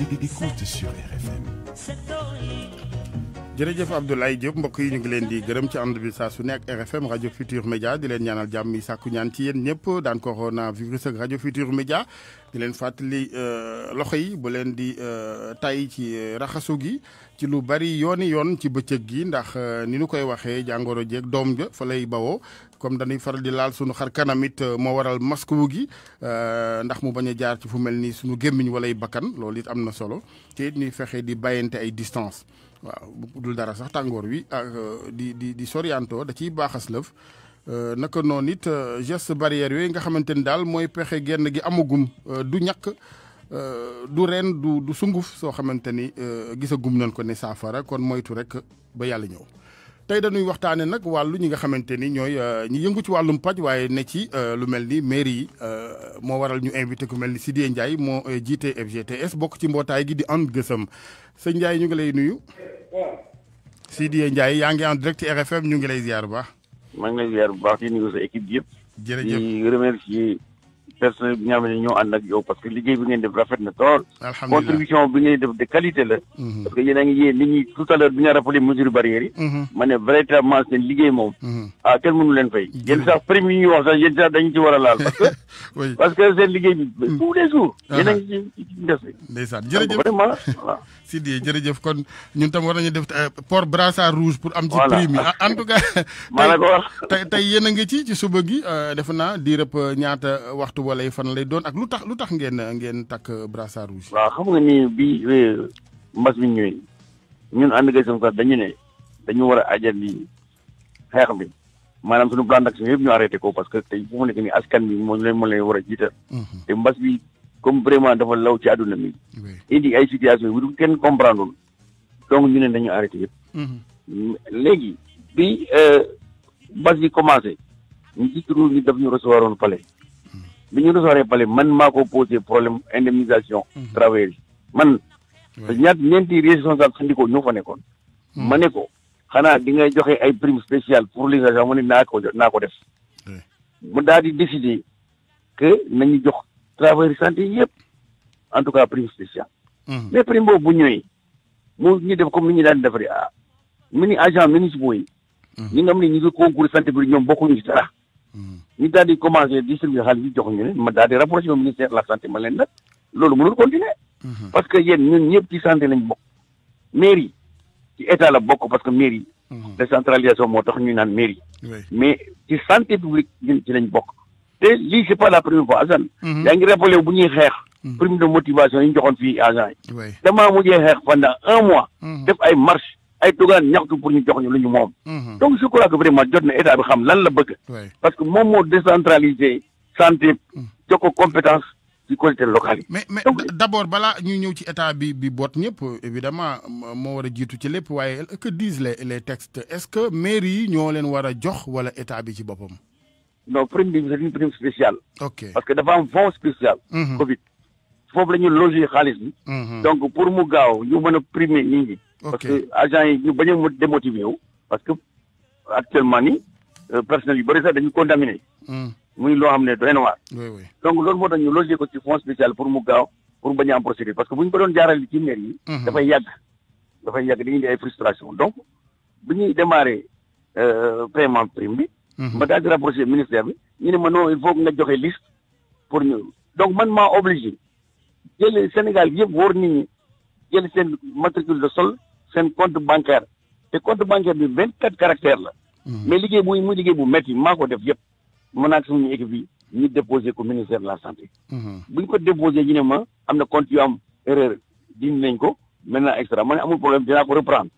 écoute sur RFM. jërëjëf Abdoulaye mbokk yi ñu ngi leen di gërëm ci ànd bi saa nekk RFM rajo Futur Média di leen ñaanal jàmm yi sàkku ñaan ci yéen ñëpp daan coronavirus ak rajo Futur Média di leen fàttali euh, loxo yi bu leen di euh, tay ci euh, raxasu gi ci lu bari yooni yoon ci bëccëg gi ndax ni ñu koy waxee jàngoro jeeg doom ja fa lay bawoo comme dañuy faral di laal suñu xar kanamit it euh, moo waral masque wu gi euh, ndax mu bañ a jaar ci fu mel ni suñu gémmiñ walay bakkan lool it am na solo te it ñuy fexe di bàyyante ay distance waaw bu dul dara sax tàngoor wi ak euh, di di di sorianto da ciy baaxas lëf naka noonu it geste barrière yooyu nga xamante ni daal mooy pexe genn gi amagum du ñàkk du ren du du sunguf soo xamante ni gisagum nañ ko ne saafara kon moytu rek ba yàlla ñëw. tey dañuy waxtaanee nag wàllu ñi nga xamante ni ñooy euh, ñi yëngu ci wàllum paj waaye ne ci euh, lu mel ni mairie yi euh, moo waral ñu invité ku mel ni Sidé Ndiaye moo jiite FGTS bokk ci mbootaay gi di And gësëm sëñ Ndiaye ñu ngi lay nuyu. Sidé njaay yaa ngi en direct RFM ñu ngi lay ziar bu baax. maa ngi lay ziar bu baax di nuyu sa yëpp. jërëjëf di personnel bi nga xam ñoo ànd ak yow parce que liggéey bi ngeen def rafet na tool contribution bi ngeen def de qualité la mhm. parce que yéen a ngi nit ñi tout à l'heure bi nga rappelé mesure barrières yi mhm. ma véritablement seen liggéey moom mhm. ah kenn mënu leen fay yéen sax prime yi wax sax sax ci laal parce que parce que liggéey bi tous les jours ah. ci jërëjëf ah, vraiment Sidi jërëjëf kon ñun tam war nañu def euh, port brassard rouge pour am ci prime yi ah, en tout cas maa la ko wax ci ci suba gi euh, euh, ñaata waxtu wala fan lay doon ak lutax lutax ngeen ngeen tak brassard rouge. wa xam nga ni bi mbas bi ñëwee ñun and gay sama dañu ne dañu wara ajjal ajal li xeex bi manam suñu plan d'action yëpp ñu arrêté ko parce que tay bu mu nekk ni askan bi mo leen mo leen wara a jiital. Mhm. te mbas bi comme vraiment dafa law ci aduna mi. indi ay situation yu kenn comprendre donc ñu ne dañu arrêté yëpp. Mhm. légui bi euh, mbas bi commencé ñu trou ni daf ñu recevoir woon palais. bi ñu recevoir palais man maa ko posé problème indemnisation mhm. travailleurs yi man ñaat ñeenti responsable syndicaux ñoo fa nekkoon mhm. ma ne ko xanaa di ngay joxe ay prime spéciale pour les agents ne naa ko naa ko def mu daal di décider que nañu jox travailleurs santé yëpp en tout cas prime spéciale mhm. mais prime boobu bu ñëwee mu ñu def comme ni ñu daan defaree ah mini agent municipaux yi ñi nga xam ne ñu ngi concours santé bi ñoom bokkuñu ci dara ñu daal di commencé distribuer xaalis bi jox ñu ne ma daal di rapproché au ministère de la santé ma leen nag loolu mënul continuer. Mhm. parce que yéen ñun ñëpp ci santé lañ bokk. mairie ci état la bokk parce que mairie. Mhm. décentralisation moo tax ñu naan mairie. mais ci santé publique ñun ci lañ bokk. te lii c'est pas la première fois Assane. Mhm. yaa ngi rappelé bu ñuy xeex. prime de motivation yi ñu joxoon fii agent yi. damaa mujjee xeex pendant un mois. def ay marche ay tugaan ñaxtu pour ñu jox ñu lu ñu moom. Mhm. donc je crois que vraiment jot na état bi xam lan la bëgg. parce que moom moo décentralisé santé mhm. jox ko compétence ci collectivités locale mais mais d' abord ñu ñëw ci état bi bi bot ñëpp évidemment moo war a jiitu ci lépp waaye que disent les les textes est ce que mairie yi ñoo leen war a jox wala état bi ci boppam. non prime bi c'est une prime spéciale. ok parce que dafa am fonds spécial. Mhm. Covid foofu la ñu loger xaalis bi. Mhm. donc pour mu gaaw ñu mën a primer nit ñi. parce que agent yi ñu bañ a démotiver wu. parce que actuellement ni euh, personnel yu bëri sax dañu contaminé. Mhm. muy loo xam ne doy na waar. donc loolu moo tax ñu loger ko ci fonds spécial pour mu gaaw pour bañ a am procédure parce que bu ñu ko doon jaarale ci maire yi. Mhm. dafay yàgg dafay yàgg dañuy indi ay frustration donc bu ñuy démarrer euh, paiement prime bi. ma daal di rapproché ministère bi ñu ne ma non il faut nga joxe liste pour ñu donc man maa obligé. jël Sénégal yëpp woor nit ñi jël seen matricule de sol seen compte bancaire te compte bancaire bi vingt quatre caractères la hmm. mais liggéey muy muy liggéey bu métti maa ko def yëpp mën naa suñu équipe yi ñu déposé ko ministère de la santé hmm. bu ñu ko déposé ñu ne ma am na compte yu am erreur dindi nañ ko maintenant extra ma ne amul problème dinaa ko reprendre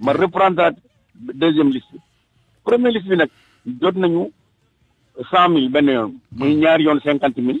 ma hmm. reprendre deuxième liste première liste bi nag jot nañu cent mil benn yoon muy ñaari yoon cinquante mille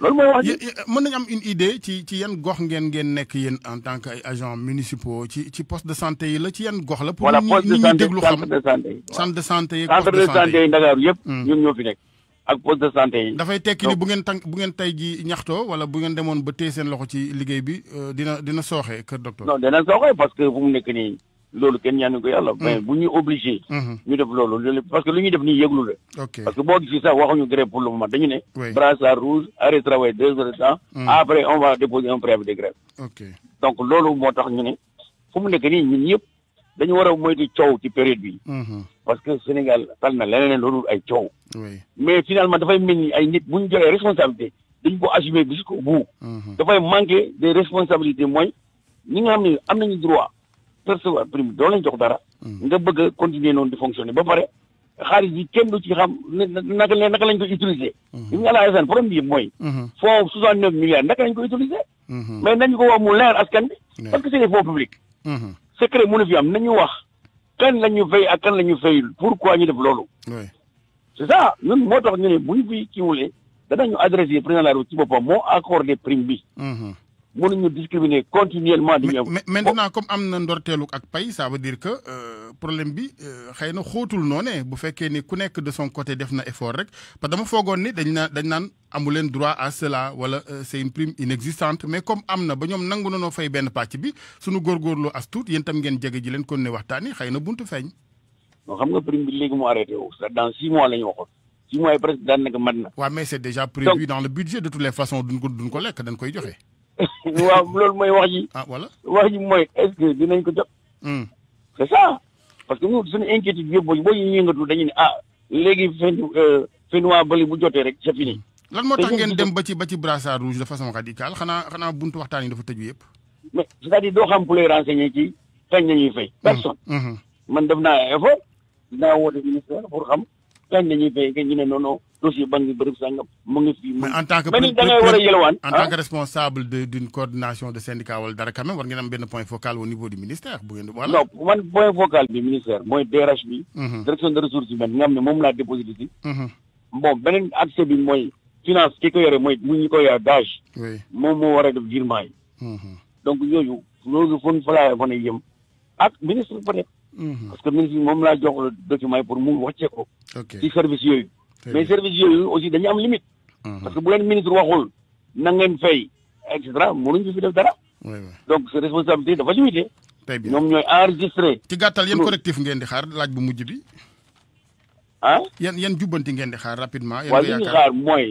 loolu mooy wax mën nañu am une idée ci ci yan gox ngeen ngeen nekk yéen en tant que ay agents ci ci poste de santé yi la ci yan gox la. pour ñu ñu déglu xam centre de santé yi. centre de santé yi yëpp. Hmm. ñun ñoo fi nekk ak poste de santé yi. dafay tekki bu ngeen tànk bu ngeen tey ji ñaxtoo wala bu ngeen demoon ba téye seen loxo ci liggéey bi euh, dina dina sooxee kër docteur. non dina sooxee parce que fu mu nekk nii. lolu ken ñaanu ko yàlla. Mm. mais bu ñu obligé. Mm-hmm. ñu def lolu parce que lu ñuy def ni yeglu la. parce que boo gisee sax ñu grève pour le moment dañu né oui brassard rouge arrêt travail deux heures de temps. Mm. après on va déposer un préavis de grève. ok donc lolu motax ñu ne fu mu nekk nii ñun yëpp dañu wara moytu coow ci période bi. Mm-hmm. parce que Sénégal tal na leneen lolu ay ciow mais finalement da fay ni ay nit buñu ñu responsabilité dañ ko assumer jusqu'au bout. Mm-hmm. fay manquer des responsabilités mooy ñi nga xam am nañu droit. percevoir prime bi doo leen jox dara. Hmm. nga bëgg a continuer di fonctionner ba pare xaalis bi kenn du ci xam naka naka lañ ko utiliser. li hmm. nga la ASN problème bi yëpp hmm. ko utiliser. mais nañu ko wax mu leer askan bi. c'est des fonds publics. secret mënu fi am nañu kan la ñu fay kan la ñu fayul pourquoi ñu def loolu. c'est ça ñun moo tax ñu ne bu ñu fi kiiwulee danañu adressé président la ci boppam moo accordé prime bi. mënuñu discriminer continuellement. di mais maintenant comme am na ndorteelu ak pay ça veut dire que euh, problème bi euh, xeyna xootul noné bu fekkee ni ku nekk de son côté def na effort rek parce dama fogon ni dañ na dañ nan amu droit à cela wala euh, c'est une prime inexistante mais comme amna ba ñom nangu na fay ben patch bi suñu góorgóorloo as tuut yéen tam ngeen jege ji leen kon ne waxtaan yi buntu feñ xam nga prime bi légui mo arrêté wu dans 6 mois lañ waxon waxoon. six mois yi presque daanaka mat na. waaw mais c'est déjà prévu dans le budget de toutes les façons duñ ko duñ ko lekk dañ koy joxé waaw loolu mooy wax ji. ah voilà wax ji mooy est-ce que dinañ ko jot. Hmm. c'est ça parce que ñun suñu inquiétude yëpp boo ñu yëngatu dañu ne ah léegi fen fen waa bële bu jotee rek c'est fini. lan moo tax ngeen dem ba ci ba ci brassard rouge de façon radicale xanaa xanaa buntu waxtaan yi dafa tëju yëpp. mais c'est-à-dire doo xam ku lay renseigner ci kañ la ñuy fay. Hmm. personne. Hmm. man def naa effort dinaa woote ministère pour xam kañ la ñuy fay nga ñu ne non dossier banque bi bërëb sàngam mu ngi fi. mais en tant que mais da ngay war a yelwaan en tant que responsable de d'une coordination de syndicat wala dara quand même war ngeen am benn point focal au niveau du ministère bu ngeen voilà. non man point focal bi ministère mooy DRH bi. direction de ressources humaines nga xam ne moom laa déposé si. bon beneen accès bi mooy finance ki ko yore mooy mu ñu ko yore gage. oui moom moo war a def virement yi. Mhm. donc yooyu loolu fon fa laa fa ne yem ak ministre peut-être. Mhm. parce que ministre moom laa jox document yi pour mu wàccee ko. ok ci service yooyu mais service yooyu aussi dañu am limite. parce mhm. que bu leen ministre waxul na ngeen fay et cetera mënuñ fi def dara. donc sa responsabilité dafa limité. très bien ñoom ñooy enregistré. ci gàttal yan correctif ngeen di xaar laaj bu mujj bi. ah yan yan jubbanti ngeen di xaar rapidement. yan waaw li ñu xaar mooy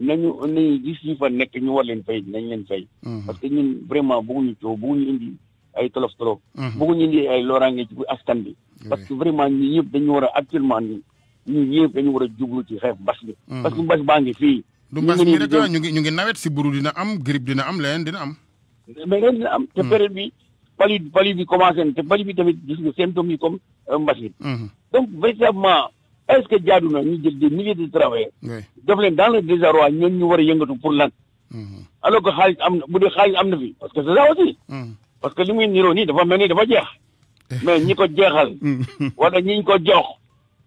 nañu nañu gis ñu fa nekk ñu war leen fay nañ leen fay. Mhm. parce que ñun vraiment bëgguñu coow bëgguñu indi ay tolof tolof. Mhm. bëgguñu indi ay loraange ci askan bi. parce que vraiment ñi ñëpp dañu war a actuellement nii. ñun yëpp dañu war a jublu ci xeex mbas bi. Mm-hmm. parce que mbas baa ngi fii. du mbas bi ah, ñu ngi ñu ngi nawet si buru dina am grippe dina am leneen dina am. mais ren dina am. te mm-hmm. période bi pali pali bi commencé na te pali bi tamit gis nga symptômes yi comme euh, mbas bi. Mm-hmm. donc véritablement est ce que jaadu na ñu jël des milliers de travailleurs. def leen dans le désarroi ñoom ñu war a yëngatu pour lan. alors que xaalis am na bu dee xaalis am na fi parce que c'est ça aussi. parce que li muy niroo nii dafa mel ni dafa jeex. Eh. mais ñi ko jeexal. wala ñi ñu ko jox.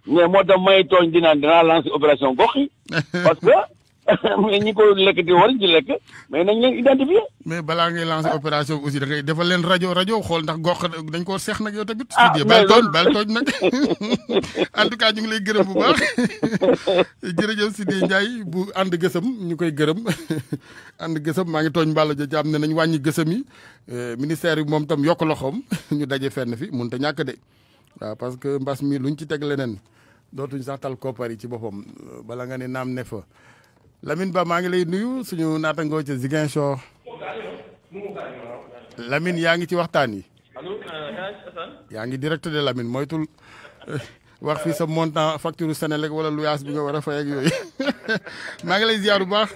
mais moo may tooñ dinaa dinaa lancer opération gox parce que mais ñi ko lekk di war di lekk mais nañ leen identifier. mais balaa ngay lancer opération aussi da ngay defal leen radio rajo xool ndax gox dañ koo seex nag yow tamit. Ah, bal bal en tout cas ñu ngi lay bu baax jërëjëf Sidy Ndiaye bu ànd gësëm ñu koy gërëm ànd gësëm maa ngi tooñ Mballo Dia ne nañ euh, ministère tam ñu daje fenn fi mënut a de parce que mbas mi luñ ci dootuñ sax tal koppar yi ci boppam bala nga ne naam ne fa Lamine Ba maa ngi lay nuyu suñu naatangoo ca Ziguinchor lamin yaa ngi ci waxtaan yi euh, yaa ngi direct de Lamine moytul euh, wax fi sa montant facture Senelec wala luyaas bi nga war a fa ak yooyu maa ngi lay ziar bu baax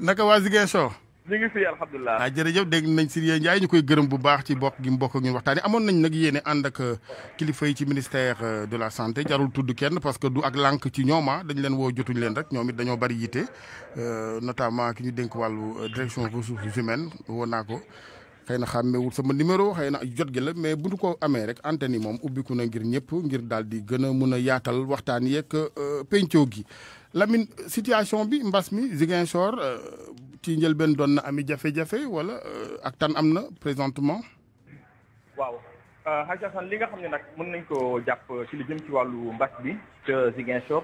naka waa Ziguinchor ñu ngi fi alhamdulilah. ah jërëjëf dégg nañ Sidiye Ndiaye ñu koy gërëm bu baax ci bokk gi mbokk ñun waxtaanee amoon nañ nag yéene ànd ak euh, kilifa yi ci ministère euh, de la santé jarul tudd kenn parce que du ak lànk ci ñoom ah. dañ leen woo jotuñ leen rek ñoom it dañoo bari yitte euh, notamment ki ñu dénk wàllu direction ressources humaines woo naa ko. xëy na xàmmewul sama numéro xëy na jot gi la mais bu ñu ko amee rek antenne yi moom ubbiku na ngir ñëpp ngir daal di gën a mun a yaatal waxtaan yeeg pencoo gi. Lamine situation bi mbas mi Ziguinchor euh, ci njëlbeen doon na ami jafé jafé wala euh, ak tan amna présentement. waaw euh Hadj Assane li nga xamné nak mën nañ ko japp euh, ci li jëm ci walu mbass bi te Ziguinchor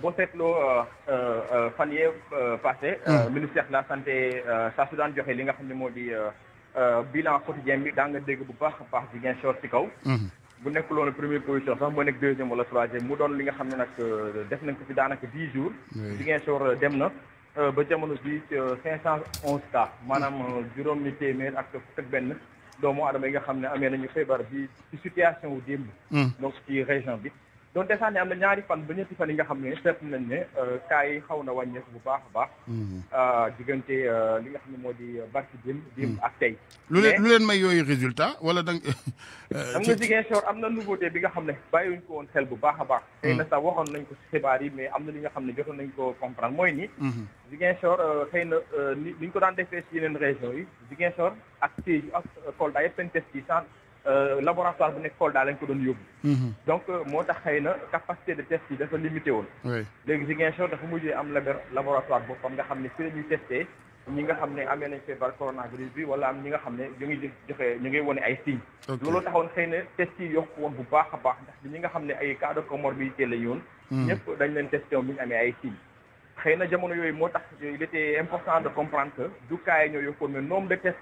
boo euh euh fanyé passé. Hmm. ministère de la santé saa su daan joxe li nga xamné modi euh bilan quotidien bi daa nga dégg bu baax a baax Ziguinchor ci kaw. Hmm. bu nekkul woon première position sax moo nekk deuxième wala troisième mu doon li nga xam ne nag euh, def nañ ko fi daanaka dix jours. oui Ziguinchor euh, dem na. Euh, ba jamono bi cinq cent onze cas maanaam juróom juróomi téeméer ak ak benn doomu adama yi nga xam ne amee nañu feebar bi ci situation wu démb. Hmm. donc ci région bi. donc des fois am na ñaari fan ba ñetti fan yi nga xam ne seetlu nañ ne cas euh, xaw na wàññeeku bu baax a baax. Mm-hmm. Euh, diggante euh, li nga xam ne moo di barki dim mm-hmm. dim ak tey. lu leen lu leen may yooyu résultat wala da nga. am nga Ziguinchor am na nouveauté bi nga xam ne bàyyiwuñ ko woon xel bu baax a baax. tey mm. na sax waxoon nañ ko ci xibaar yi mais am na li nga xam ne jotoon nañ ko comprendre mooy ni. Mm-hmm. Ziguinchor xëy na ni ñu ko daan defee ci yeneen régions yi Ziguinchor ak Sédhiou ak Kolda yëpp seen test yi sans. Euh, laboratoire bu nekk daal lañ ko doon yóbbu. Mhm. donc euh, moo tax xëy na capacité de test yi dafa limité woon. léegi Ziguinchor dafa mujjee am laboratoire boppam nga xam ne fi la ñuy ñi nga xam ne amee nañ feebar coronavirus bi wala am ñi nga xam ne ñu ngi joxe ñu ngi wone ay signes. looloo taxoon xëy na test yi yokku woon bu baax a baax ndax ñi nga xam ne ay cas de comorbidité yoon. Mhm. ñëpp dañ leen testé woon bi amee ay signes. xëy na jamono yooyu moo tax il de comprendre que du cas yi ñoo yokkoon mais nombre de test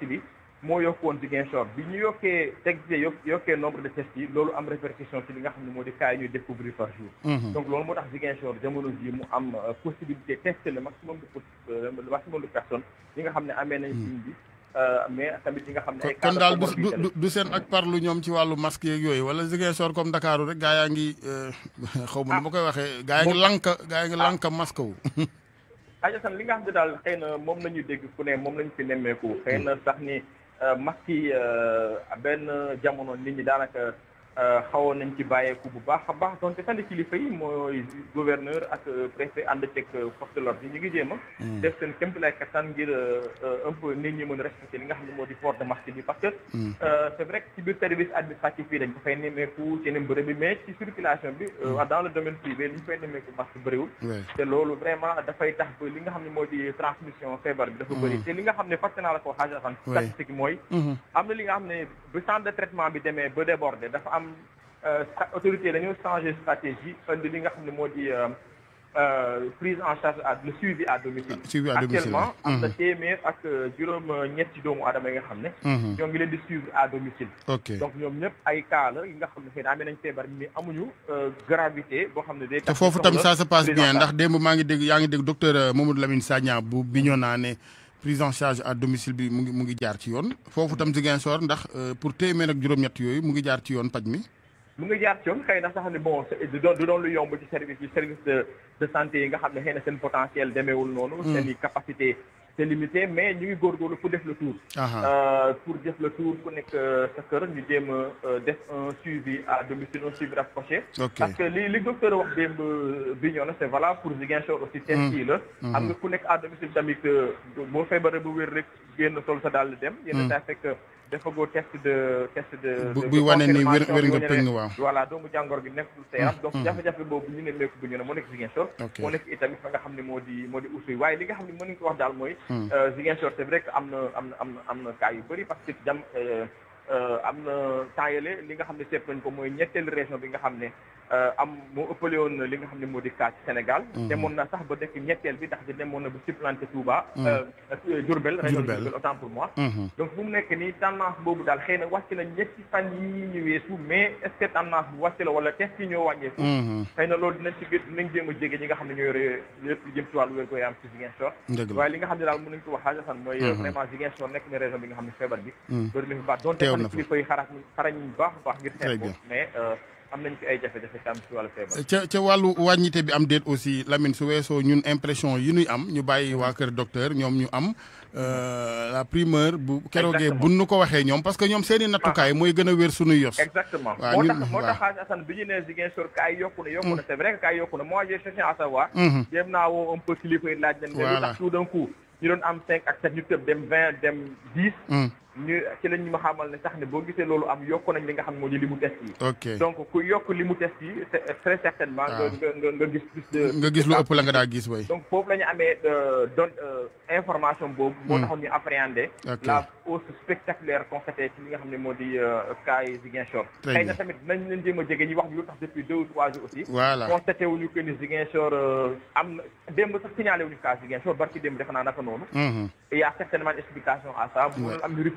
moo yokkuwoon Ziguinchor bi ñu yokkee texte yi yokkee nombre de tests yi loolu am répercussion ci li nga xam ne moo di cas ñuy découvrir par jour. Mhm. donc loolu moo tax Ziguinchor jamono ji mu am euh, possibilité tester le maximum de euh, le maximum de personnes yi nga xam ne amee nañ ligne mhm. bi euh, mais tamit yi nga xam ne. ay cas kon daal du du seen ak parlu ñoom ci wàllu masque yeeg yooyu wala Ziguinchor comme Dakar rek gaa yaa ngi xaw ma nu ma koy waxee. Ah, gaa yaa ngi lank gaa yaa ngi ah. lank masque wu. Aja San li nga xam ne daal xëy na moom la ñu dégg ku ne moom la ñu fi nemmeeku xëy na sax ni. Macky euh, benn jamono nit ñi daanaka Euh, xawoon nañ ci bàyyeeku bu baax a baax donte sax kilifa yi mooy gouverneur ak euh, préfet ànd ceeg euh, force de l'ordre yi ñu ngi jéem a mm. def seen kéem lay kattan ngir un peu nit ñi mën respecté li nga xam ne moo di port de marché bi parce que mm. c'est ci biir service administratif yi dañ ko fay nemmeeku seen bërëb bi mais ci circulation bi mm. dans le domaine privé li nga xam ne moo di transmission feebar bi dafa bëri te li nga xam ne fàtte naa la ko mm-hmm. xaajatan maanaam euh, autorité dañu changer stratégie un de li nga xam modi euh, euh prise en charge à le suivi à domicile. suivi à domicile actuellement am na mm-hmm. ak euh, juróom-ñetti doomu aadama yi nga xam ne. Mm-hmm. ñoo ngi leen di suivre à domicile. ok donc ñom ñep ay cas la nga xam ne xëy na amee nañ feebar mais amuñu gravité bo xam ne day. fofu tam ça se passe bien ndax demb ma ngi dégg ya ngi dégg docteur Mamadou Lamine Sagna bu biñona né prise en charge à domicile bi ngi mu ngi jaar ci yoon foofu tam Ziguinchor ndax euh, pour téeméer ak juróom-ñett yooyu mu ngi jaar ci yoon paj mi mu jaar ci yoon xëy na sax ni bon du doon lu yomb ci service de santé nga xam ne xëy na seen potentiel demeewul noonu hmm. seen i capacité c'est limité mais ñu ngi góorgóorlu pour def le tour. Euh, pour def le tour ku nekk euh, sa kër ñu jéem a euh, def un suivi à domicile un suivi rapproché. parce que li li docteur wax démb bi c'est valable pour Ziguinchor aussi. seen kii là am na ku nekk à domicile tamit boo feebaree bu wér rek génn sol sa daal dem. Hmm. yenn fait que defagoo test de test de. bu buy wane ni wér wér nga pëng waaw. voilà doomu jàngor gi nekk sa yaram. Mm, donc mm. jafe-jafe boobu ñu ne meeku bu ñu ne moo nekk Ziguinchor. ok moo nekk itamit fa nga xam ne moo di moo di Oussouye waaye li nga xam ne mën nañu ko wax daal mooy. Mm. Euh, Ziguinchor c'est vrai que am na am na am na am na cas yu bëri parce que jam. Euh, Euh, am na temps li nga xam ne seet nañ ko mooy ñetteelu région bi nga xam ne euh, am moo ëppale woon li nga xam ne moo di cas ci Sénégal. Mhm. demoon na sax ba dëkk ñetteel bi tax di demoon na ba supplanté Touba. Mhm. Euh, Diourbel région de Diourbel autant pour moi. Mhm. donc bu mu nekk ni tendance boobu daal xëy na wàcc na ñetti fan yi ñu weesu mais est ce que bu wàcc la wala test ñoo wàññeeku. xëy na loolu dinañ ci gë dinañ jéem a jege ñi nga xam ne ñoo yore lépp jëm ci wàllu wér gu yaram xam ne euh, ca wàllu wàññite bi am déet aussi Lamine su weesoo ñun impression yi ñuy am ñu bàyyi waa mm-hmm. kër docteur ñoom ñu am euh, mm-hmm. la primeur bu keroogee bun nu ko waxee ñoom parce que ñoom seen i nattukaay mooy gën a wér suñuy yos exactement moo tax moo yokku na yokku na mm. c'est vrai savoir mm-hmm. jéem naa woo un peu kilifa yi laaj leen voilà tout d'un coup ñu doon am cinq ak sept ñu tëb dem vingt dem dix mm. ñu ci la ñu ma xamal ne sax ne bo gisee loolu am yokku nañ li nga xam ne moo di li test yi donc ku yokk limu test yi très certainement ah. nga nga nga gis gis nga gis lu ëpp la nga daa gis way donc foofu la ñu amee euh, don euh, information boobu hmm. moo taxoon ñu appréhender la hausse spectaculaire constatée ci li nga xam ne moo di euh, cas yi Ziguinchor xëy na tamit nañ leen jéem a jege ñu wax bi lu tax depuis deux ou trois jours aussi voilà constaté wuñu que ni Ziguinchor am na démb sax signalé wuñu cas Ziguinchor barki démb defe naa naka noonu il hmm. y a certainement une explication à ça am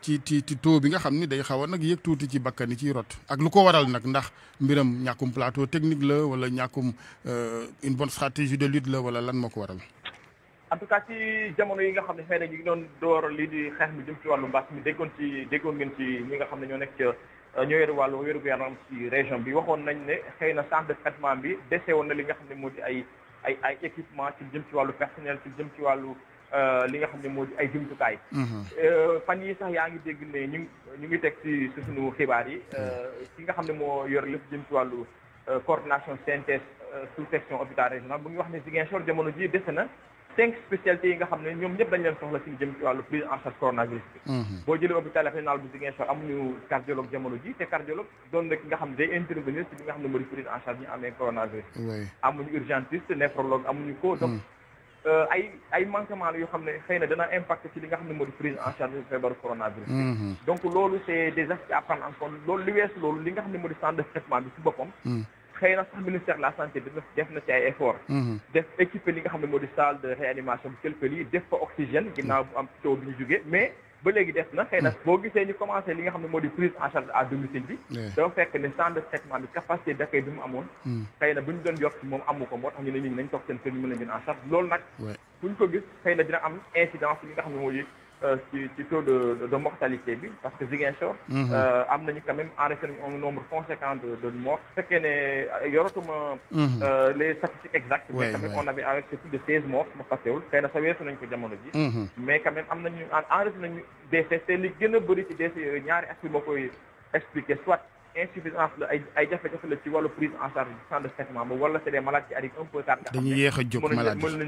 ci ci ci taux bi nga xam ni day xaw a nag yëg tuuti ci bakkan yi ci rot ak lu ko waral nag ndax mbiram ñàkkum plateau technique la wala ñàkkum euh, une bonne stratégie de lutte la wala lan moo ko waral. en tout cas ci jamono yi nga xam ne xëy na ngi doon door lii di jëm ci wàllu mbas mi déggoon ci déggoon ngeen ci ñi nga xam ne ñoo nekk ca euh, ñoo yor wàllu wér gu yaram ci région bi waxoon nañ ne xëy na centre de traitement bi dese woon na li nga xam ne moo di ay ay ay équipement ci jëm ci wàllu personnel ci jëm ci wàllu. Euh, li nga xam ne moo di ay jumtukaay. Mhm. Euh, fan yii sax yaa ngi dégg ne ñu ñu ngi teg ci suñu xibaar yi. Mhm. Euh, ki nga xam ne moo yor lépp jëm ci wàllu coordination synthèse sous section hôpital régional bu ñu wax ne Ziguinchor jamono ji dese na cinq spécialités yi nga xam ne ñoom ñëpp dañ leen soxla ci jëm ci wàllu prise en charge coronavirus bi. Mhm. boo jëlee hôpital régional bu Ziguinchor amuñu cardiologue jamono ji te cardiologue doon na ki nga xam ne day intervenir nga xam ne moo di prise en charge ñu amee coronavirus. amuñu urgentiste néphrologue amuñu ko. donc Euh, ay ay manquement la yoo xam ne xëy dana impact ci li nga xam ne moo di prise en charge feebaru coronavirus mm-hmm. donc loolu c'est des actes à prendre en compte loolu li weesu loolu li nga xam ne moo di centre de traitement bi ci boppam mm-hmm. xëy sax ministère de la santé def na ci ay effort mm-hmm. def équiper li nga xam ne moo di salle de réanimation bi quelques lits def fa oxygène ginnaaw bu am coow bi ñu jógee mais ba léegi des na xëy hmm. boo gisee ñu commencé li nga xam ne moo di prise en charge à domicile bi dafa fekk ne centre de traitement bi capacité d'accueil bi mu amoon hmm. xëy na bu ñu moom amu ko moo tax ñu ne nit ñi nañ toog seen kër ñu mën leen jël en charge loolu nag bu ñu ko gis xëy na dina am incidence li nga xam ne moo di ci ci taux de de mortalité bi parce que Ziguinchor. Mhm. Euh, am nañu quand même enregistré un nombre conséquent de de morts. su fekkee ne yoratuma. les statistiques exactes. mais quand même on avait enregistré plus de 16 morts ma fàttewul xëy na sa weesu nañ ko jamono ji. Mhm. mais quand même am nañu enregistré nañu décès te li gëna bëri ci décès yooyu ñaari aspect moo expliquer soit. insuffisance la ay ay jafe-jafe la a jóg malade ne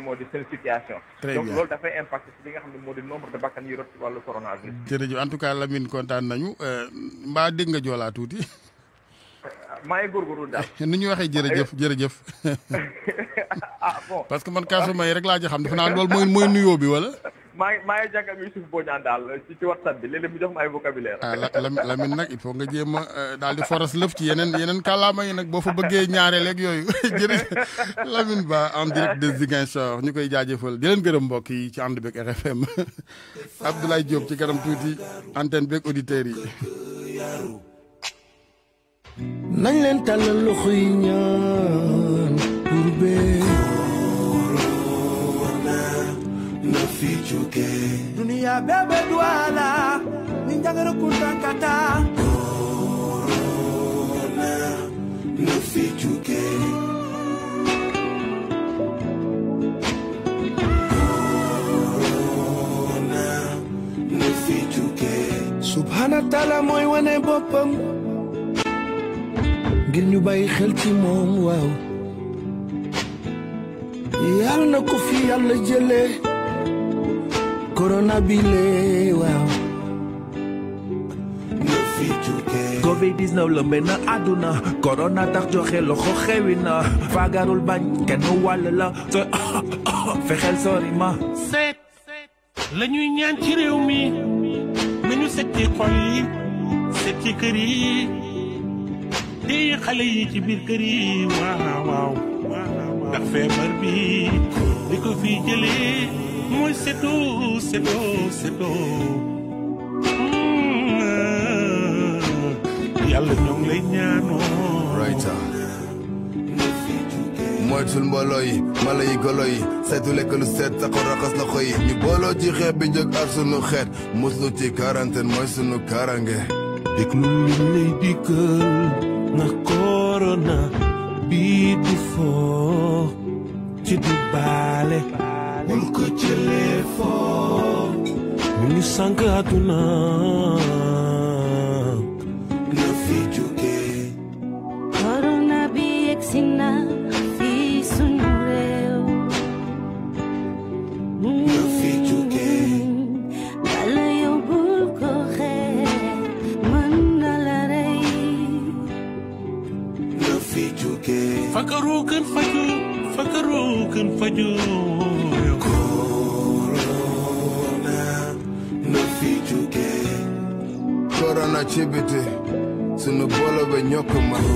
moo di seen très bien ne moo di nombre de bakkan yi rot ci wàllu coronavirus. jërëjëf en tout cas Lamine kontaan nañu euh, mbaa dégg nga joolaa tuuti. maa ñu waxee jërëjëf jërëjëf. ah bon parce que man kasuma ah. yi rek laa ci xam defe naa mooy mooy nuyoo bi wala. maa ngi maa ngi dal Youssouf Bodian daal ci ci WhatsApp bi léeg-léeg mu jox ma ay vocabulaire. Ah, Lamine nag il faut nga euh, di foras lëf ci yenen kalama kàllaama yi nag nyare fa bëggee ñaareel ak Ba en direct de Ziguinchor ñu koy jaajëfal di leen gërëm mbokk yi ci ànd beeg RFM Abdoulaye Diop ci kanam tuuti antenne beeg auditeurs yi. nañ ñaan pour ficuke duniya bɛɛ bɛ don a la ni jagɛrɛ kuntan ka taa korona no ficuke subhana Tala mooy wane boppam ngir ñu bàyyi xel ci moom waaw yàlla na ko fi yàlla jëlee corona bi lee waaw. lu fi jugee. Covid na àdduna corona tax joxe loxo xewi na faagarul bañ kenn wàll la te fexeel sori ma. seet la ñuy ñaan ci réew mi nañu seet ci xol yi seet ci kër yi téye xale yi ci biir kër yi waaw waaw ndax feebar bi di ko fi jëlee. muy séddoo séddoo séddoo yàlla ñoo ngi lay yi golo yi saytu lekk lu seet saxo raxas loxo yi ñu booloo ci xeet bi jóg ar sunu xeet muslu ci quarantaine mooy sunu karange déglu li lay dikkal na korona bii du foo ci du baale Who could you live for? Mimi sanka hatuna nafijuke korona biek sina fisunureu nafijuke galayo bulkohe mandalarei nafijuke fakaru kan faju fakaru kan naa ci biti sunu boole ba ñoo ko mën.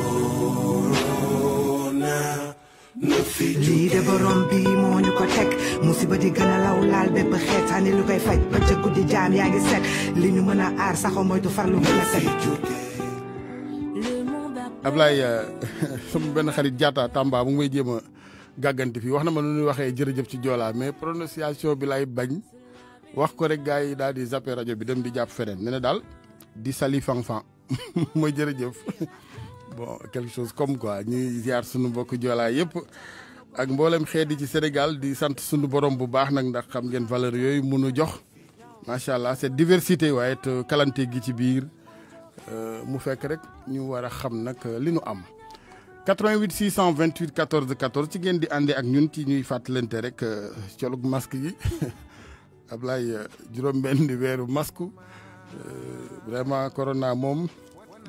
lii de borom bi moo ñu ko teg musiba di gën laal bépp xeet lu koy faj ba ca guddi jaam yaa ngi set li ñu mën a aar saxo moytu farlu gën a set. Ablaye sama benn xarit jaata Tamba mu may jéem a gàgganti fii wax na ma nu ñuy waxee jërëjëf ci joolaa mais prononciation bi lay bañ wax ko rek gars yi daal di zappé rajo bi dem di jàpp fereen ne daal. di sali fanfan moy jërëjëf bon quelque chose comme quoi ñuy ziar sunu mbokku jola yépp ak mboolem xeet ci Sénégal di sant sunu borom bu baax nak ndax xam ngeen valeur yoy mënu jox machallah allah cette diversité waaye te euh, kalanté gi ci biir euh, mu fekk rek ñu wara xam nak euh, li nu am. 88 628 14 14 ci ngeen di andé ak ñun ci ñuy fàttalante rek colug masque yi Ablaye juróom di wéru masque. Euh, vraiment corona mom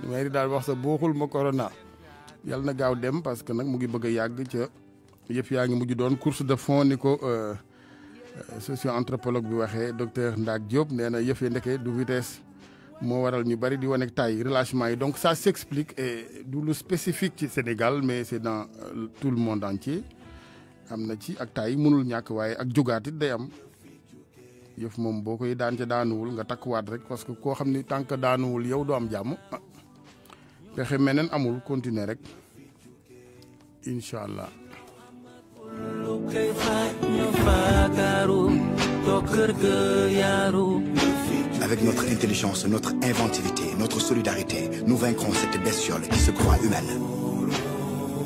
li may di daal wax sa booxul ma corona yalla na gaaw dem parce que nak mu ngi bëgg a yàgg ca yëpp ngi mujj doon course de fond niko ko euh, euh, socio anthropologue bi waxe docteur Ndak Diop nee na yëf yi ndeke du vitesse mo waral ñu bari di woné tay relâchement yi donc ça s'explique et du lu spécifique ci Sénégal mais c'est dans tout le monde entier amna ci ak tay mënul ñak waye ak jógaatit day am parce que Avec notre intelligence, notre inventivité, notre solidarité, nous vaincrons cette bestiole qui se croit humaine.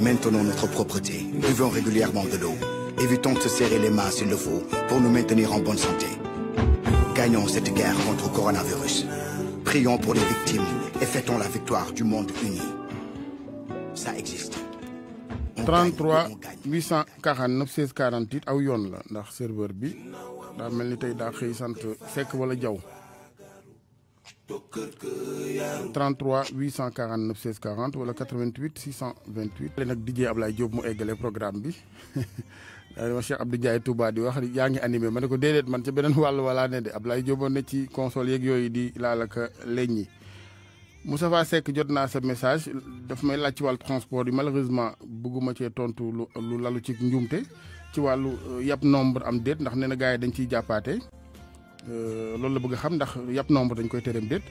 Maintenons notre propreté, buvons régulièrement de l'eau, évitons de se serrer les mains s'il le faut pour nous maintenir en bonne santé. Gagnons cette guerre contre le coronavirus. Prions pour les victimes et fêtons la victoire du monde uni. Ça existe. 33 849 16 48 aw là la ndax serveur bi La mel ni tey daa xëy sant wala jaw 33 849 16 40 wala 88 628. léegi nag DJ Ablaye Diop mu eggale programme bi. ma Cheikh Abdou Ndiaye Touba di wax yaa ngi animé ma ne ko déedéet man ca beneen wàll walaa ne de Ablaye jóboon na ci console yeeg yooyu di laalaka léññi Moustapha Seck jot naa sa message daf may laaj ci wàllu transport yi malheureusement bëgguma cee tontu lu lu lalu ci njuumte ci wàllu euh, yàpp nombre am déet ndax nee na gars yi dañ ciy jàppaate euh, loolu la bëgg xam ndax yàpp nombre dañ koy tëreem déet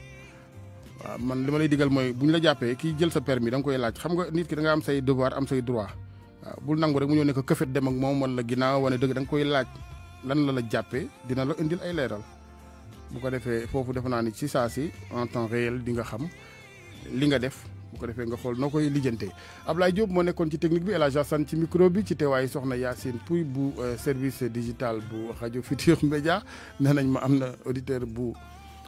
waaw man li ma lay digal mooy bu ñu la jàppee kii jël sa permis da nga koy laaj xam nga nit ki da am say devoir am say droit waaw bul nangu rek mu ñëw ne ko këfet dem ak moom wala ginnaaw wala dëgg da nga koy laaj lan la la jàppee dina la indil ay leeral bu ko defee foofu defe naa ni ci saa si en temps réel di nga xam li nga def bu ko defee nga xool noo koy lijjantee Ablaye Diop moo nekkoon ci technique bi El Hadj Assane ci micro bi ci teewaayu soxna Yacine Pouy bu euh, service digital bu rajo Futur Média nee nañ ma am na auditeur bu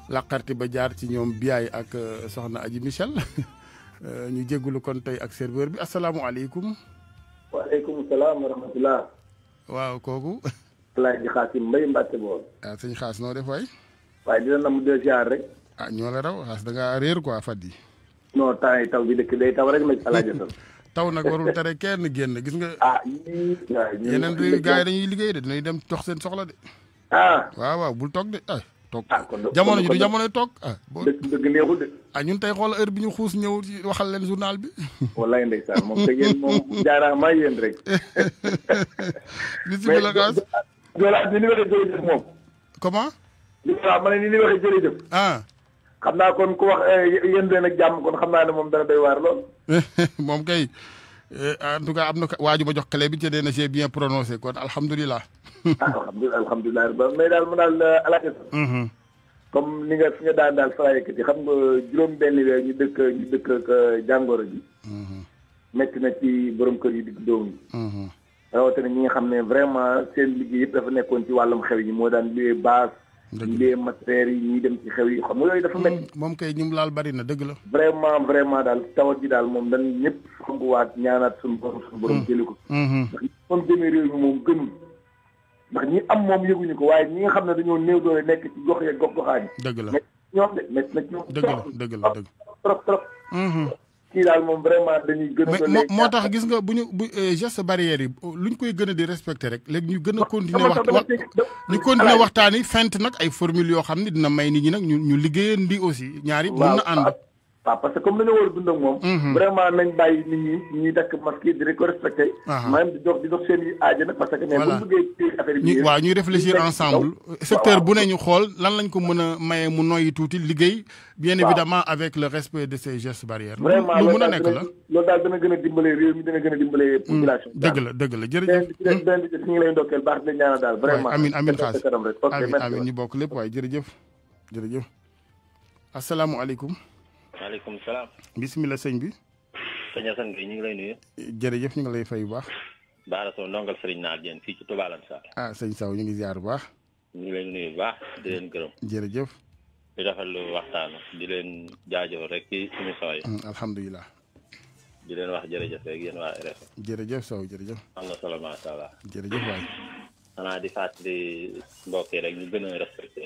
làqarti ba jaar ci ñoom biyaay ak euh, soxna Aji Michel euh, ñu jéggulu kon tey ak serveur bi asalaamualeykum. waaleykum salaam wa rahmatulah. waaw kooku. Alaaji a Mbay Mbàkke bool. ah sëñ Xaas noo def waay. waaye dina nam deux ziar rek. ah ñoo la raw xaas da ngaa réer quoi Fadi. non temps yi taw bi dëkk day taw rek nag Alaaji taw nag warul tere kenn génn gis nga. ah yeneen réew gaa yi dañuy liggéey de dinañ dem dox seen soxla de. ah waaw waaw bul toog de toog ah, jamono ji du jamonoy toog ah. dëgg dëgg neexul de. ah ñun tey xool heure bi ñu xuus ñëw waxal leen journal bi. wallaay ndeysaan moom te yéen moom jaaraama yéen rek. bisimilah Gass mais Jola ni ni waxee jërëjëf moom. comment. Jola ma ne ni ni waxee jërëjëf. ah. xam naa kon ko wax eh, yéen ren ak jàmm kon xam naa ne moom dana doy waar lool. moom kay. Eh, en tout cas am na waaju ma jox clé bi te nee na j'ai bien prononcé kon alhamdulilah. alhamdulilah mais daal mu daal euh, alaaka. Mm-hmm. comme ni nga fi nga daan daal fara yi xam nga juróom benn weer ñu dëkk ñu dëkk ak euh, ji. métti mm-hmm. na ci borom kër yi di doom yi. Mm-hmm. rawatina ñi nga xam ne vraiment seen liggéey yëpp dafa nekkoon ci wàllum xew yi moo daan luwee base. ñi dee matériels yi ñi dem ci xew yi xam nga yooyu dafa métti. moom kay ñu laal bari na dëgg la. vraiment vraiment daal tawat ji daal moom dañ ñëpp xambuwaat ñaanaat suñu borom suñu borom mm. jëli ko. Mm-hmm. ndax ñi moom demee réew mi moom gënul. am moom yëguñu ko waaye ñi nga xam ne dañoo néew doole nekk ci gox yeeg gox goxaan yi. dëgg la mais ñoom de métti na ci ñoom. dëgg la dëgg mm-hmm. kii daal moom vraiment moo tax gis nga bu ñu bu euh, geste barrière yi luñ koy gën a di respecté rek léegi ñu gën a continuer wax ñu continuer waxtaan yi fent nag ay formule yoo xam ne dina may nit ñi nag ñu ñu liggéeyandi aussi ñaari mën na ànd waaw parce que comme dañoo war dund ak moom. vraiment nañ bàyyi nit ñi ñuy dakk masque di ko respecté. même di dox di dox seen i aaj parce que. mais bu ñu bëggee affaire bi. waaw ñuy réfléchir ensemble. secteur bu ne ñu xool lan lañ ko mëna mayé mu noyi tuuti liggéey. bien évidemment avec le respect de ces gestes barrières. vraiment lu mën a la loolu daal dana gëna dimbalé réew mi dana gëna dimbalé mm, population deug la deug la jërëjëf. benn benn ñi lay ndokkeel baax di la ñaanal daal vraiment. amin amiin xaas amin amiin ñu bokk lépp way jërëjëf jërëjëf assalamu alaykum maaleykum salaam. bisimilah sëñ bi. sëñ Assane Gueye ñu ngi lay nuyu. jërëjëf ñu ngi lay fay bu baax. Baara ndongal Naar fii ci ah sëñ Sow ñu ngi ziar bu baax. ñu ngi lay nuyu bu baax di leen gërëm. jërëjëf. di rafetlu waxtaan di leen jaajëfal rek ci émission yi. Mm, alhamdulilah. di leen wax jërëjëf rek yéen waa jërëjëf jërëjëf. allah. jërëjëf waay. di fàttali mbokk yi rek ñu gën a respecté.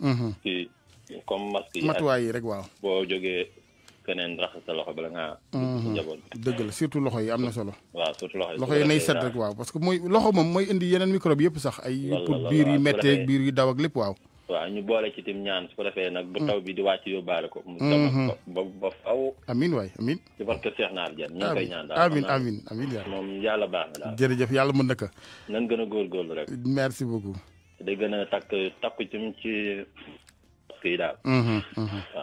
Mm-hmm. comme masque yi yi rek waaw. boo jógee keneen raxas sa loxo bala ngaa. Mhm. njaboot dëgg la surtout loxo yi am na solo. waaw surtout loxo yi loxo yi nay set rek waaw parce que mooy loxo moom mooy indi yeneen microbe yëpp sax ay. biir yi méttee biir yu daw ak lépp waaw. waaw ñu boole ci ñaan ko defee nag. bu taw mm. bi di wàcc yóbbaale ko. mu mhm. ba ba ba faw. waay amiin. ci barke Cheikh Naar Diagne ñu ngi koy ñaan daal amiin amiin amiin yaa moom yàlla baax na daal. jërëjëf yàlla mën na ko. nan gën a góorgóorlu rek. a takk masque yi daal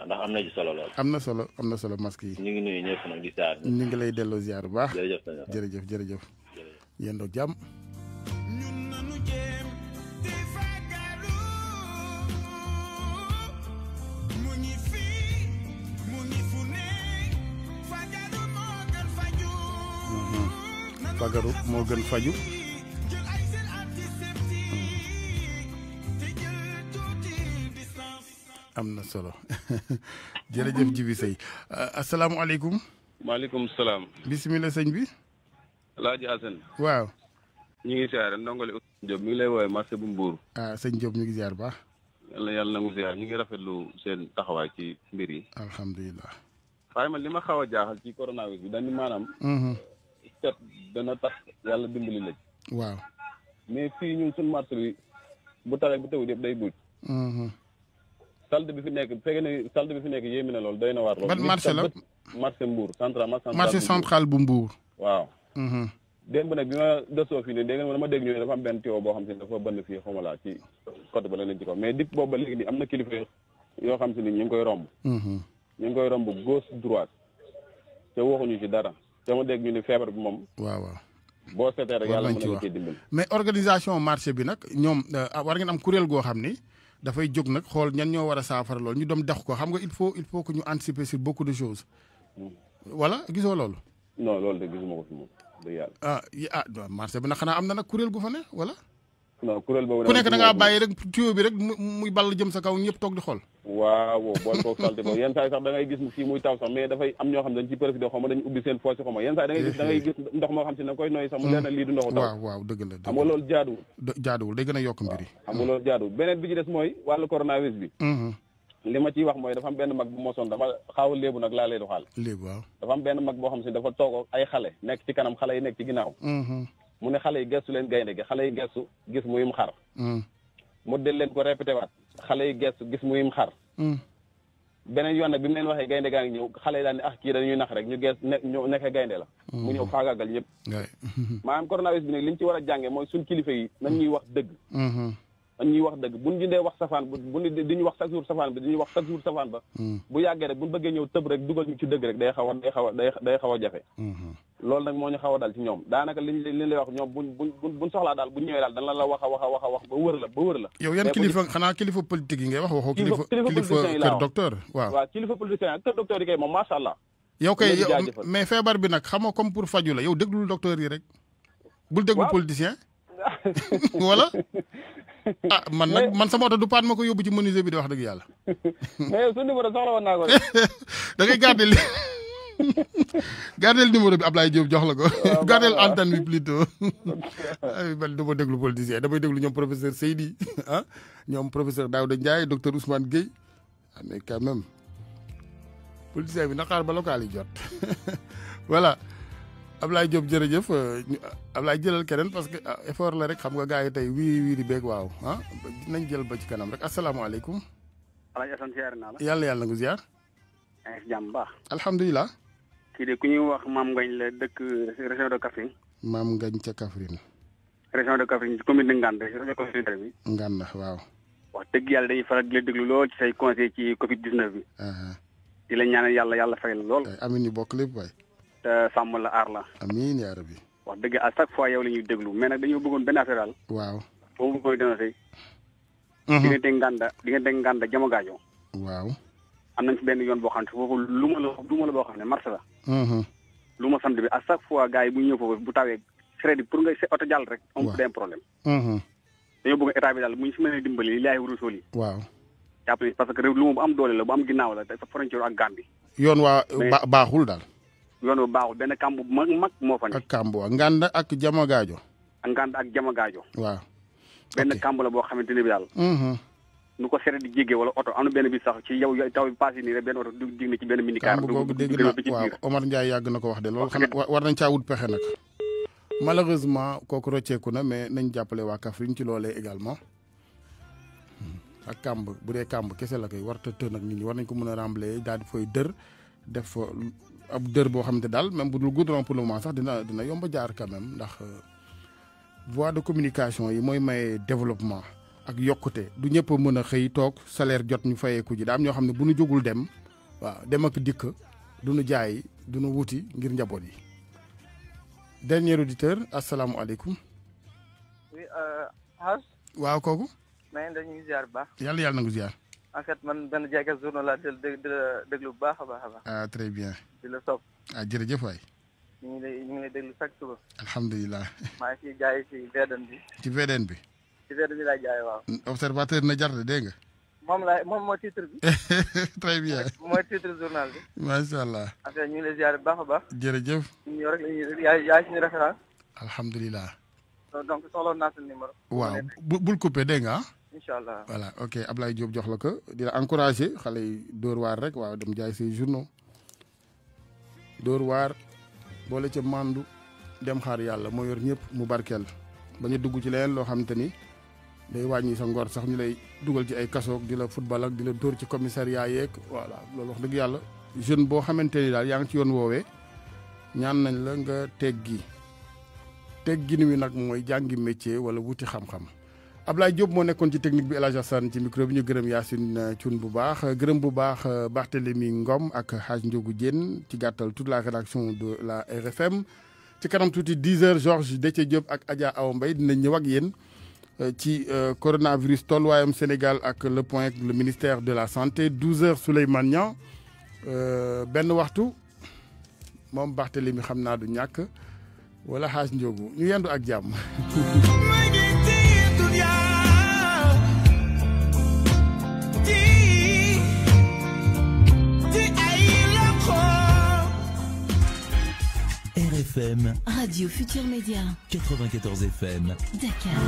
ndax am na ci solo lool am na solo am na solo masque yi ñu ngi nuyu ñëpp nag di ziar ñu ngi lay delloo ziar bu baax jërëjëf jërëjëf jërëjëf yéen jàmm fagaru moo gën faju mm-hmm. amna na solo jërëjëf Jibi Sey euh, assalamu alaykum wa alaykum salaam. bismillah seigne bi. Laaji hasan waaw. ñi ngi ziar ndongole Ousmane mi ngi lay woy marché bu Mbour. ah seigne Diop ñi ngi ziar ba yalla yalla nangu ziar ñi ngi rafetlu seen taxaway ci mbir yi. alhamdullilah fayma lima xawa ma xaw a jaaxal ci coronavirus bi dañu manam hmm cet dana tax yalla dimbali la waaw. mais fi ñu sun marché bi bu tare bu tawul yeb day bu hmm salde bi fi nekk bu fekkee ne salde bi fi nekk yéemi na loolu doy na waar. loolu ban marché la marché Mbour central marché central bu Mbour. waaw. Mhm. démb na bi ma desoo fii nii dégg nga dama dégg ñu ne dafa am benn tuyau boo xam si ne dafa bënn fii xaw ma laa ci côté ba la leen nii yoo xam si ni ñu ngi koy romb. Mhm. ñu ngi koy romb gauche droite te waxuñu ci dara te ma dégg ñu ne feebar bi moom. waaw waaw. boo seetee rek yàlla mën na la cee dimbali. mais organisation marché bi nag ñoom euh, war ngeen am kuréel goo xam ni. dafay jóg nag xool ñan ñoo war a saafara lool ñu dem dex ko xam nga il faut il faut que ñu anticiper sur beaucoup de choses. Hmm. voilà gisoo lool non loolu de gisuma ko fi moom. ah ah marché bi nag xanaa am na nag kuréel gu fa ne wala. non kuréel boobu ku nekk da ngaa bàyyi rek tuyau bi rek muy ball jëm sa kaw ñëpp toog di xool waaw bool boog salte boobu yenn saa sax da ngay gis fii muy taw sax mais dafay am ñoo xam dañ ci profité xaw ma dañ ubbi da ngay gis da ngay gis ndox moo xam si na koy nooy sax mu leer na lii du ndoxu taw la xam nga loolu jaaduwul day gën a yokk mbir xam nga jaaduwul beneen bi mooy wàllu coronavirus bi mm-hmm. li ma ciy wax mooy dafa am benn mag bu mosoon dama xaaw léebu nag laa lay xaal léebu waaw dafa am benn mag boo xam si dafa toog ay xale nekk ci kanam yi nekk ci ginnaaw mm-hmm. mu ne xale yi gestu leen gaynde gi xale yi gestu gis muyum xar mm. mu del leen ko répété waat xale yi gestu gis muyum xar mm. beneen yoon nag bi mu leen waxee gaynde gaa ngi ñëw xale yi daal ne ah kii dañuy nax rek ñu gees ne ñu nekkee gaynde la mm. mu ñëw faagaagal ñëpp maanaam coronavirus bi nag liñ ci war a jànge mooy suñ kilifa yi nañ ñuy wax dëgg mm-hmm. ñuy wax dëgg buñ dindee wax safaan bu ñu di ñu wax chaque jour safaan bi di ñuy wax chaque ba hmm. bu yàggee rek buñ bëggee ñëw tëb rek dugal ñu dëgg rek day xaw a day xaw a day xaw a jafe hmm. loolu nag moo ñu xaw a dal ci ñoom daanaka liñ leen lay wax ñoom buñ buñ buñ soxlaa daal buñ ñëwee daal dañ la la wax a wax a wax a wax ba wër la ba wër la yow yan kilifa xanaa kilifa politique yi ngay wax waxoo kilifa kilifa kër docteur waaw waaw kilifa politique yi kër docteur yi kay moom macha allah yow kay mais la yi rek bul déglu ah man nag man sama auto du paan ma ko yóbbu ci menuisier bi di wax dëgg yàlla. mais yow su numéro soxla woon naa ko da ngay garder li gardel numéro bi Ablaye Diop jox la ko. waaw ah, gardel antenne bi plutôt. ay man du ma déglu politicien damay déglu ñom professeur Seydi ah ñom professeur Daouda ndjay docteur Ousmane gey ah, mais quand même politicien bi naqaar ba local yi jot voilà. Ablaye Diop jërëjëf euh, Ablaye jëlal keneen parce que euh, effort la rek xam nga gars yi tey wii wii di beeg waaw ah nañ jël ba ci kanam rek asalaamaaleykum. Alaaji Assane ziar yàlla yàlla nga ziar. yaa si jàmm baax. alhamdulilah. kii de ku ñuy wax Maam Ngañ la dëkk euh, région de Kaffrine. Maam Ngañ ca Kaffrine. région commune de Nganda région de Kaffrine bi. yàlla dañuy faral di la lool ci say ci Covid bi. di la ñaanal yàlla yàlla fay la lool. Eh, amiin ñu bokk lépp waay. te sàmm la aar la. amiin yaa rabbi. wax dëgg à chaque fois yow la ñuy déglu mais nag dañoo bëggoon benn affaire daal. waaw boobu koy ganda si. Mhm. diggante Nganda diggante Nganda Jama Gaajo. waaw. am nañ fi benn yoon boo xam ne foofu lu ma la lu ma la boo xam ne marché la. Mhm. lu ma samedi bi à chaque fois gars yi bu ñëw foofu bu tawee crédit pour nga oto jàll rek. waaw am benn problème. Mhm. dañoo bëgg état bi daal bu ñu si mënee dimbali li laay wërësoo lii. waaw. jàpp parce que réew lu ma am doole la bu am ginnaaw la frontière ak yoon waa baaxul daal. yoon bu baaxul benn kàmb bu mag mag moo fa ne. ak kàmb waaw ngànd ak jama gaajo. ngànd ak jama gaajo. waaw. benn kàmb la boo xamante ne bi daal. Mm-hmm. nu ko seret di jéggee wala oto am na benn bi sax ci yow taw bi paase nii rek benn oto dig na ci benn mini car. kàmb googu naa waaw Omar na ko wax de loolu. xam war nañ caa wut pexe nag. malheureusement kooku rocceeku na mais nañ jàppale waa Kaffrine ci loolee également. Hmm. ak kàmb bu dee kàmb kese la koy warta tën ak nit ñi war nañ ko mën a remblé daal di fooy dër def ab dër boo xam ne daal même bu dul goudron pour le sax dina dina yomb jaar quand ndax euh, voie de communication yi mooy may développement ak yokkute du ñëpp mën a xëy toog salaire jot ñu fayeeku ji daa ñoo xam ne bu ñu jógul dem waaw dem ak dikk du ñu jaay du ñu wuti ngir njaboot yi dernier auditeur assalaamu oui euh, waaw kooku. maa ngi na nga jaar en fait man benn Diakha journal laa di di la déglu bu baax a baax a baax. ah très bien. di la sopp. ah jërëjëf waay. ñu ngi lay ñu ngi lay déglu chaque suba. alhamdulilah. maa ngi jaay ci VDN bi. ci VDN bi. la VDN bi laay jaay waaw. observateur na jar de dégg nga. moom la moom mooy titre bi. très bien mooy titre journal bi. macha allah. a fait ñu ngi lay ziare baax a baax. jërëjëf. yow rek la ñuy yaay yaay suñu référence. alhamdulilah. waaw bu bul coupé dégg nga ah? incha allah voilà ok Ablaye Diop jox la ko di la encouragé xale yi Dóor waar rek waaw dem jaay say journaux Dóor waar boole ca màndu dem xaar yàlla moo yor ñëpp mu barkeel ba ñu dugg ci leneen loo xam te ni day wàññi sa ngor sax ñu lay dugal ci ay kasoog di la football di la dóor ci commissariat yeeg voilà loolu wax dëgg yàlla jeune boo xamante ni daal yaa ngi ci yoon woowee ñaan nañ la nga teggi teggi ni wi nag mooy jàngi métier wala wuti xam-xam. Ablaye Diop mo nekkoon ci technique bi El Hadj Sane ci micro bi ñu gërëm Yassine euh, Thioun bu baax euh, gërëm bu baax euh, Barthélémy Ngom ak Hadj Ndiogou Diène ci gàttal toute la rédaction de la RFM ci kanam tuuti 10 heures Georges Déthié Diop ak Adja Awa Mbaye dina ñëw ak yéen ci coronavirus tolluwaayam Sénégal ak le point le ministère de la santé 12 heures Souleymane Niang benn waxtu moom Barthélémy xam naa du ñàkk wala Hadj Ndiogou ñu yendu ak jàmm. Radio Futur Média. 94 FM. Dakar.